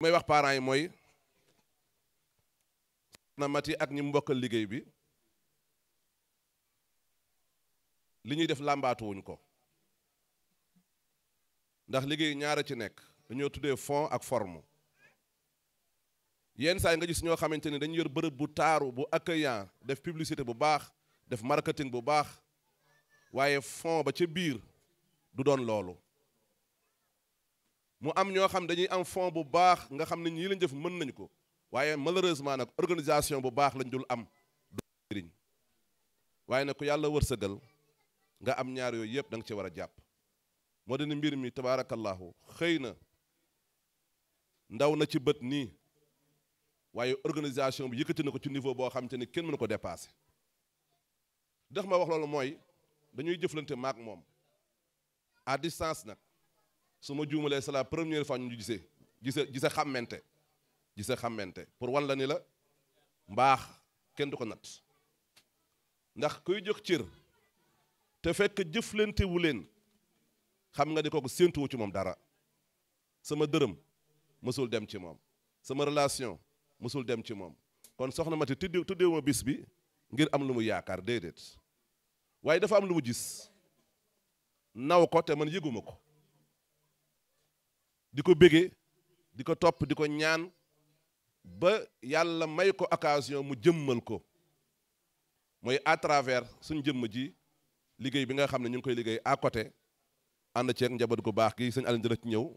may wax parent yi mooy na mati ak ñi mbokkal liggéey bi li ñuy def làmbaatuwuñ ko ndax liggéey ñaara ci nekk dañoo tuddee fond ak formu yenn saay yi nga gis ñoo xamante ni dañu yor bërëb bu taaru bu accueillant def publicité bu baax def marketing bu baax waaye fond ba ca biir du doon loolu mu am ñoo xam dañuy am fond bu baax nga xam ne ñii lañ def mën nañ ko waaye malheureusement nag organisation bu baax lañu dul am du jëriñ waaye nag ku yàlla wërsëgal nga am ñaar yooyu yëpp da nga ci war a jàpp moo de dina mbir mi tabaarakallaahu xëy na ndaw na ci bët nii waaye organisation bi yëkkati na ko ci niveau boo xam te ni kenn mënu ko dépassé dax ma wax loolu mooy dañuy jëflante maak moom à distance nag su ma juumalee salaa la première fois ñu gisee gise gise xàmmente gise xàmmente pour wan la ni la mbaax kenn du ko nat ndax kuy jox cër te fekk jëflante leen xam nga ni kooku séentuwu ci moom dara sama dërëm mësul dem ci moom sama relation mësul dem ci moom kon soxna Mati tudde tuddewu ma bis bi ngir am lu mu yaakaar déedéet waaye dafa am lu mu gis naw ko te man yëguma ko di ko bégee di ko topp di ko ñaan ba yàlla may ko occasion mu jëmmal ko mooy à travers suñ jëmm ji liggéey bi nga xam ne ñu ngi koy liggéey à côté ànd ceeg njaboot gu baax gi sëñ Alioune dina ci ñëw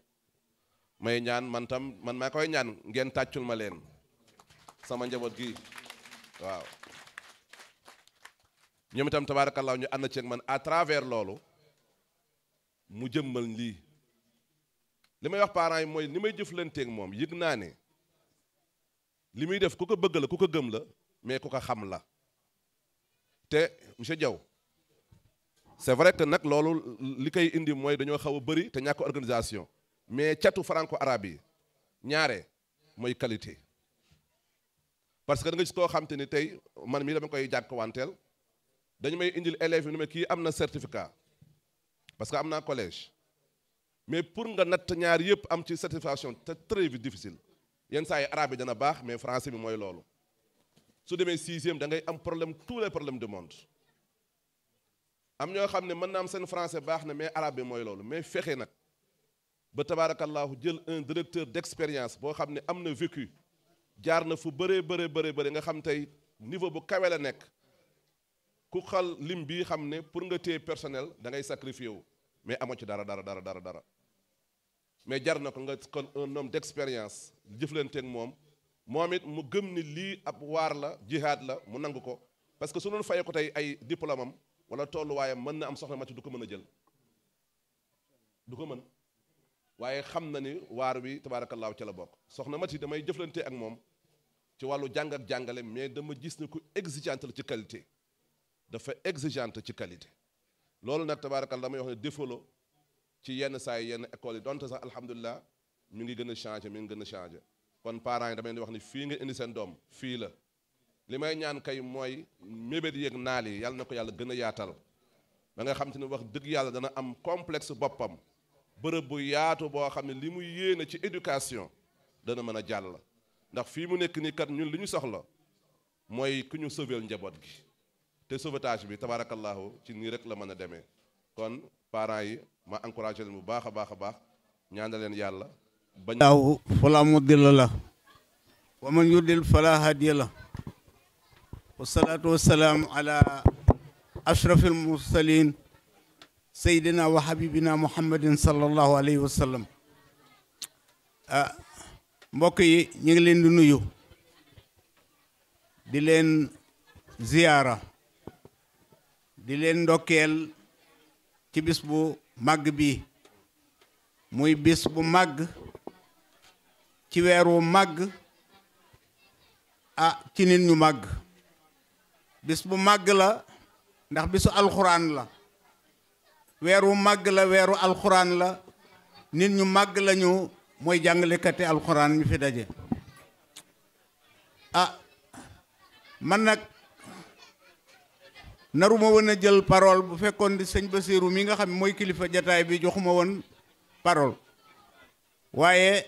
may ñaan man tam man maa koy ñaan ngeen tàccul ma leen sama njaboot gi waaw ñoom itam tabaarakallaa ñu ànd ceeg man à travers loolu mu jëmmal lii Les meilleurs wax parents yi mooy ni may jëflanteeg moom yëg naa ne def ko la la mais ku xam la te monsieur Diaw c'est vrai que ce loolu li indi mooy dañoo xaw a te ñàkk organisation mais catu franco arabe ñaare qualité parce que da nga gis xam ni man mii dama koy na certificat parce que am un collège mais pour nga natt ñaar yëpp am ci satisfaction te très difficile yenn saa yi arabe bi dana mais français bi mooy loolu su demee sixième da ngay am problème tous les problèmes du monde am ñoo xam ne mën naa am seen français baax na mais arabe bi mooy mais fexe nag ba tabaarakallahu jël un directeur d'expérience boo xam ne vécu jaar na fu bëree bëree bëree bëri nga xam tey niveau bu kawe la nekk ku xal lim bii xam ne pour nga téye personnel da ngay sacrifié wu mais amoo ci dara dara dara dara dara mais jar na ko nga kon un dexpérience d'expérience jëflanteeg moom moom it mu gëm ni lii ab waar la jihaad la mu nangu ko parce que su doon fayee ko tey ay diplôme am wala tolluwaayam mën na am soxna ma ci du ko mën a jël du ko mën waaye xam na ni waar wi tabaarakallaahu ca la bokk soxna Mati damay jëflante ak moom ci wàllu jàng ak jàngale mais dama gis ne ku exigeante la ci qualité dafa exigeante ci qualité loolu nag tabaarakallaahu damay wax ne défaut ci yenn saay yenn école yi donte sax alhamdulilah mi ngi gën a changé mi ngi gën a changé kon parents yi dama leen di wax ni fii nga indi seen doom fii la li may ñaan kay mooy mébét yeeg naal yi yàlla na ko yàlla gën a yaatal ba nga xam te ne wax dëgg yàlla dana am complexe boppam bërëb bu yaatu boo xam ne li mu yéene ci éducation dana mën a jàll ndax fii mu nekk ni kat ñun li ñu soxla mooy ku ñu sauver njaboot gi te sauvetage bi tabaarakallaahu ci nii rek la mën a demee kon parents yi ma encourager leen bu baax a baax a yàlla bañ daaw fala mu dil la wa man yudil fala hadila la wa salatu wa ala ashraf mursalin sayyidina wa habibina muhammadin sallallahu alayhi wa sallam mbokk yi ñi ngi leen di nuyu di leen ziyara di leen ndokkeel ci bis bu màgg bii muy bis bu màgg ci weer wu màgg ah ci nit ñu màgg bis bu màgg la ndax bisu alxuraan la weer wu màgg la weeru alxuraan la nit ñu màgg lañu mooy jàngalekati alxuraan ñu fi daje ah man nag naru ma won a jël parole bu fekkoon di sëñ Basiiru mi nga xam mooy kilifa jataay bi joxuma won parole waaye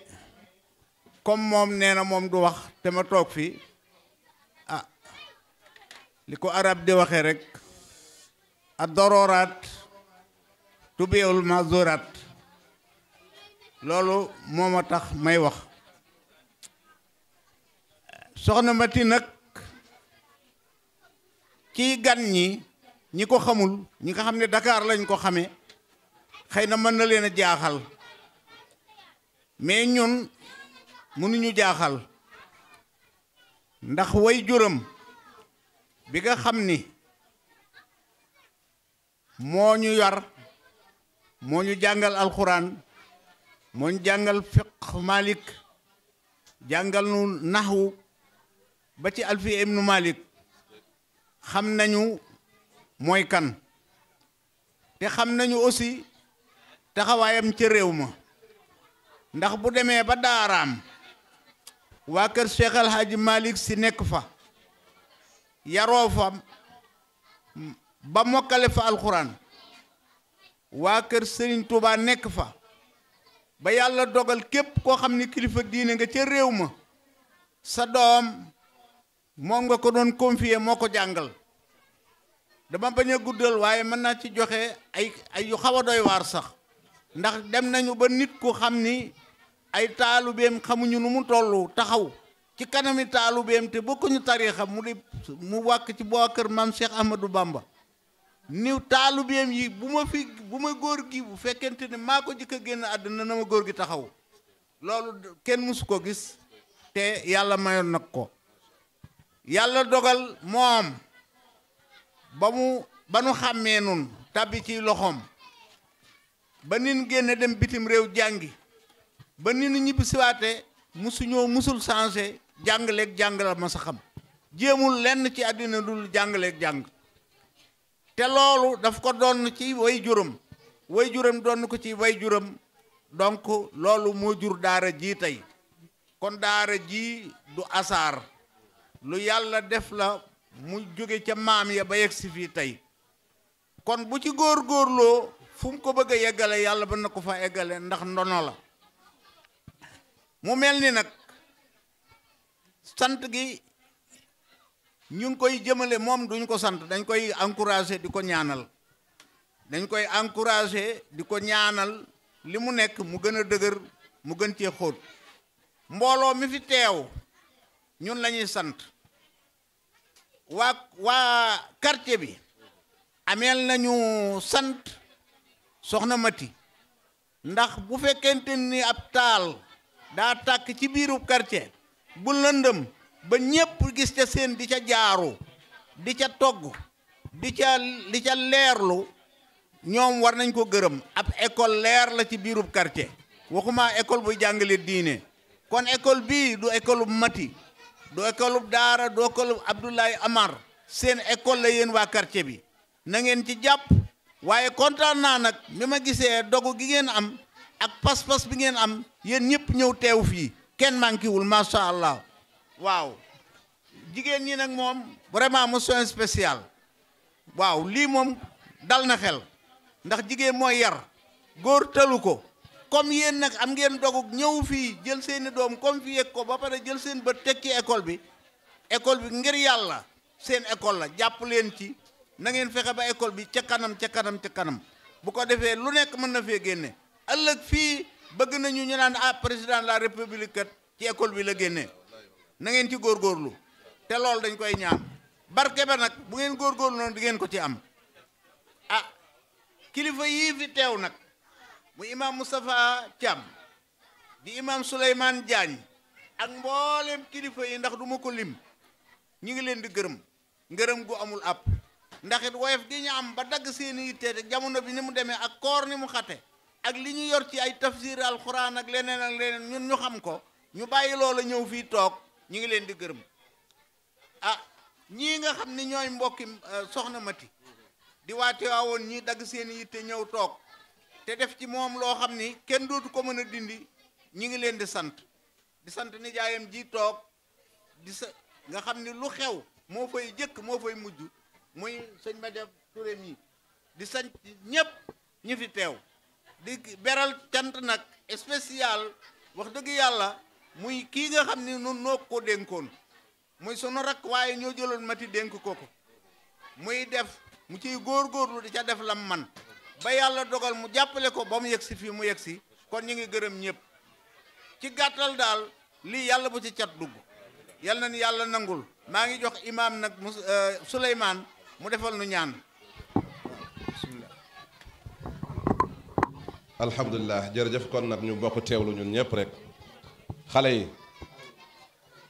comme moom nee na moom du wax te ma toog fii ah li ko arab di waxee rek a dororaat tubéewul ma zoraat loolu moo ma tax may wax soxna Mati nag kii gan ñi ñi ko xamul ñi nga xam ne dakaar lañ ko xame xëy na mën na leen a jaaxal mais ñun mënuñu jaaxal ndax way juram bi nga xam ni moo ñu yar moo ñu jàngal alxuraan moo ñu jàngal fiq malik jàngal nu naxwu ba ci alfiya ibnu malik xam nañu mooy kan te xam nañu aussi taxawaayam ca réew ma ndax bu demee ba daaraam waa kër Cheikh El Hadj si nekk fa yaroo fa ba mokkale fa alxuraan waa kër Serigne Touba nekk fa ba yàlla dogal képp koo xam ni kilifa diine nga ca réew ma sa doom moom nga ko doon confier moo ko jàngal dama bañ a guddal waaye mën naa ci joxe ay ay a doy waar sax ndax dem nañu ba nit ku xam ni ay taalubeem xamuñu nu mu toll taxaw ci kanami taalubeem te bokkuñu tariixa mu di mu wàkk ci boo kër maam Cheikh Ahmadou Bamba ni taalubeem yi bu ma fi bu ma góor gi bu fekkente ne maa ko jëkk a génn àddina na ma góor gi taxaw loolu kenn mësu ko gis te yàlla mayoon nag ko yàlla dogal moom ba mu ba nu xàmmee nun tàbbi ci loxoom ba nin génne dem bitim réew jàngi ba nin ñibbisiwaate musuñoo musul changé jàngaleeg jàng la ma sa xam jéemul lenn ci àddina dul jàngaleeg jàng te loolu daf ko doon ci way juróom way juróom doon ko ci way juróom donc loolu moo jur daara ji tey kon daara ji du asaar lu yàlla def la mu jóge ca maam ya ba yegsi fii tey kon bu ci góor góorloo fu mu ko bëgg a yeggale yàlla ba na ko fa eggale ndax ndono la mu mel ni nag sant gi ñu koy jëmale moom duñ ko sant dañ koy encouragé di ko ñaanal dañ koy encouragé di ko ñaanal li mu nekk mu gën a dëgër mu gën cee xóot mbooloo mi fi teew ñun lañuy sant waa waa quartier bi ameel nañu sant soxna Mati ndax bu fekkente ni ab taal daa tàkk ci biiru quartier bu lëndëm ba ñépp gis ca seen di ca jaaru di ca togg di ca li ca leerlu ñoom war nañ ko gërëm ab école leer la ci biirub quartier waxuma école buy jàngale diine kon école bii du école mati do école daara do écolub Abdoulaye Amar sen école la yéen waa quartier bi na ngeen ci japp waye contant na nak dogu gi ngeen am ak pas-pas bi ngeen am ñew ñëpp fi teufi. manki wul ma sha allah Wow, jigen ñi nak mom, vraiment mention spécial waaw li mom dal na xel ndax jigen moy yar gor comme yéen nag am ngeen dogug ñëw fii jël seeni doom comme fi yéeg ko ba pare jël seen bët teg ci école bi école bi ngir yàlla seen école la jàpp leen ci na ngeen fexe ba école bi ca kanam ca kanam ca kanam bu ko defee lu nekk mën na fee génne ëllëg fii bëgg nañu ñu naan ah président la république kat ci école bi la génne na ngeen ci góorgóorlu te loolu dañ koy ñaan barke ba nag bu ngeen góor góorgóorlu noonu di ngeen ko ci am a ah, kilifa yii fi teew nag. mu imam Moustapha Thiam di imam Souleymane Diagne ak mboolem kilifa yi ndax duma ko lim ñu ngi leen di gërëm ngërëm gu amul àpp ndax it woyof gi ñu am ba dagg seeni yitte te jamono bi ni mu demee ak koor ni mu xate ak li ñu yor ci ay tafsir alxuraan ak leneen ak leneen ñun ñu xam ko ñu bàyyi loola ñëw fii toog ñu ngi leen di gërëm a ah, ñii nga xam ni ñooy mbokki eh, soxna mati di waate waawoon ñii dagg seeni yitte ñëw toog te def ci moom loo xam ni kenn dootu ko mën a dindi ñi ngi leen di sant di sant nijaayam ji toog di sa nga xam ni lu xew moo fay jëkk moo fay mujj muy sëñ Madiab Touré mi di sant ñépp ñi fi teew di beral cant nag spécial wax dëgg yàlla muy kii nga xam ni nun noo ko dénkoon muy sunu rakk waaye ñoo jëloon mati dénk ko ko muy def mu ciy góor góorlu di ca def lam man ba yàlla dogal mu jàppale ko ba mu yegg si fii mu yegg si kon ñu ngi gërëm ñëpp ci gàttal daal lii yàlla bu ci cat dugg yal na ni yàlla nangul maa ngi jox imaam nag mu euh, mu defal nu ñaan bismillah alhamdulilah jërëjëf kon nag ñu bokk teewlu ñun ñëpp rek xale yi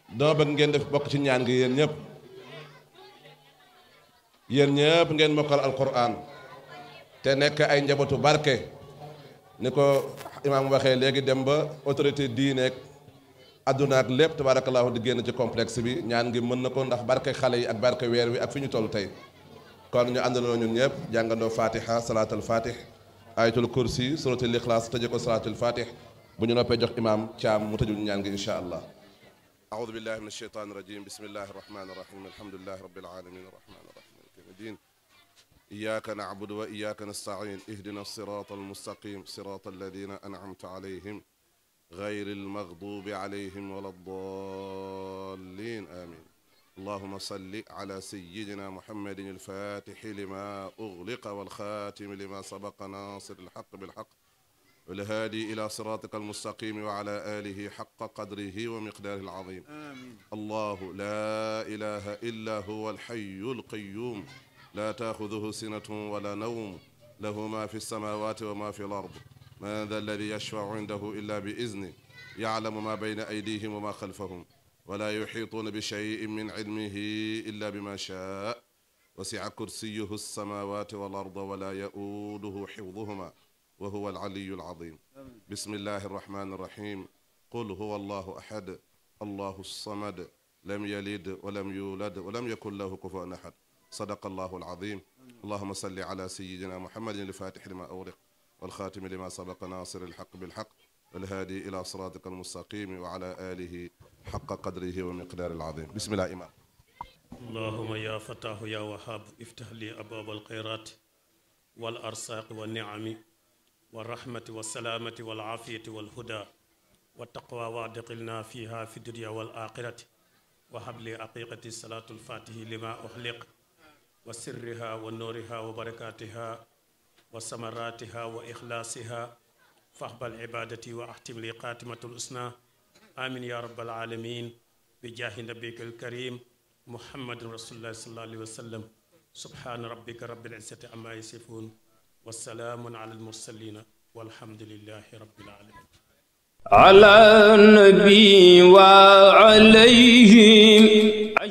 dama bëgg ngeen def bokk ci ñaan gi yéen ñëpp yéen ñëpp ngeen mokkal alquran te nekk ay njabootu barke ni ko imaam waxee léegi dem ba autorité diineek adduna ak lépp tabaarakallaahu di génn ci complexe bi ñaan ngi mën na ko ndax barke xale yi ak barke weer wi ak fi ñu toll tey kon ñu àndaloo ñun ñëpp jàngandoo fatiha salaatul fatih ayatul kursi suratul ixlaas tëje ko salaatul fatih bu ñu noppee jox imaam caam mu tëjul ñaan ngi incha allah أعوذ بالله من الشيطان الرجيم بسم الله الرحمن الرحيم الحمد لله رب العالمين الرحمن الرحيم مالك إياك نعبد وإياك نستعين اهدنا الصراط المستقيم صراط الذين أنعمت عليهم غير المغضوب عليهم ولا الضالين آمين اللهم صل على سيدنا محمد الفاتح لما أغلق والخاتم لما سبق ناصر الحق بالحق والهادي إلى صراطك المستقيم وعلى آله حق قدره ومقداره العظيم آمين الله لا إله إلا هو الحي القيوم لا تاخذه سنه ولا نوم له ما في السماوات وما في الارض من ذا الذي يشفع عنده الا باذنه يعلم ما بين ايديهم وما خلفهم ولا يحيطون بشيء من علمه الا بما شاء وسع كرسيه السماوات والارض ولا يؤوده حفظهما وهو العلي العظيم بسم الله الرحمن الرحيم قل هو الله احد الله الصمد لم يلد ولم يولد ولم يكن له كفوا احد صدق الله العظيم اللهم صل على سيدنا محمد الفاتح لما أغلق والخاتم لما سبق ناصر الحق بالحق والهادي إلى صراطك المستقيم وعلى آله حق قدره ومقدار العظيم بسم الله إمام اللهم يا فتاه يا وهاب افتح لي أبواب الخيرات والأرساق والنعم والرحمة والسلامة والعافية والهدى والتقوى وادخلنا فيها في الدنيا والآخرة وهب لي أقيقة الصلاة الفاتحة لما أحلق وسرها ونورها وبركاتها وسمراتها وإخلاصها فاقبل عبادتي وأحتم لي خاتمة آمين يا رب العالمين بجاه نبيك الكريم محمد رسول الله صلى الله عليه وسلم سبحان ربك رب العزة عما يصفون والسلام على المرسلين والحمد لله رب العالمين على النبي وعليهم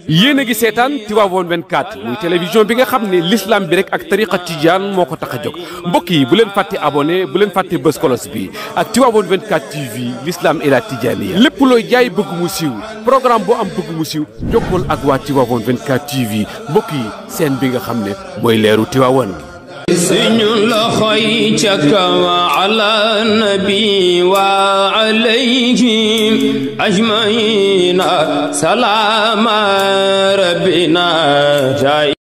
yéen a ngi seetaan Tivaouane 24 muy télévision bi nga xam ne l'islam bi rek ak a tijaan moo ko tax a jog mbokk yi bu leen fàtte abonné bu leen fàtte bës kolos bi ak Tivaouane 24 TV lislaam et la yi lépp looy jaay bëgg mu siiw programme bu am bëgg mu siiw jokkool ak waa Tivaouane 24 TV mbokk yi seen bi nga xam ne mooy leeru Tivaouane سن لخيتك وعلى النبي وعليهم أجمعين سلام ربنا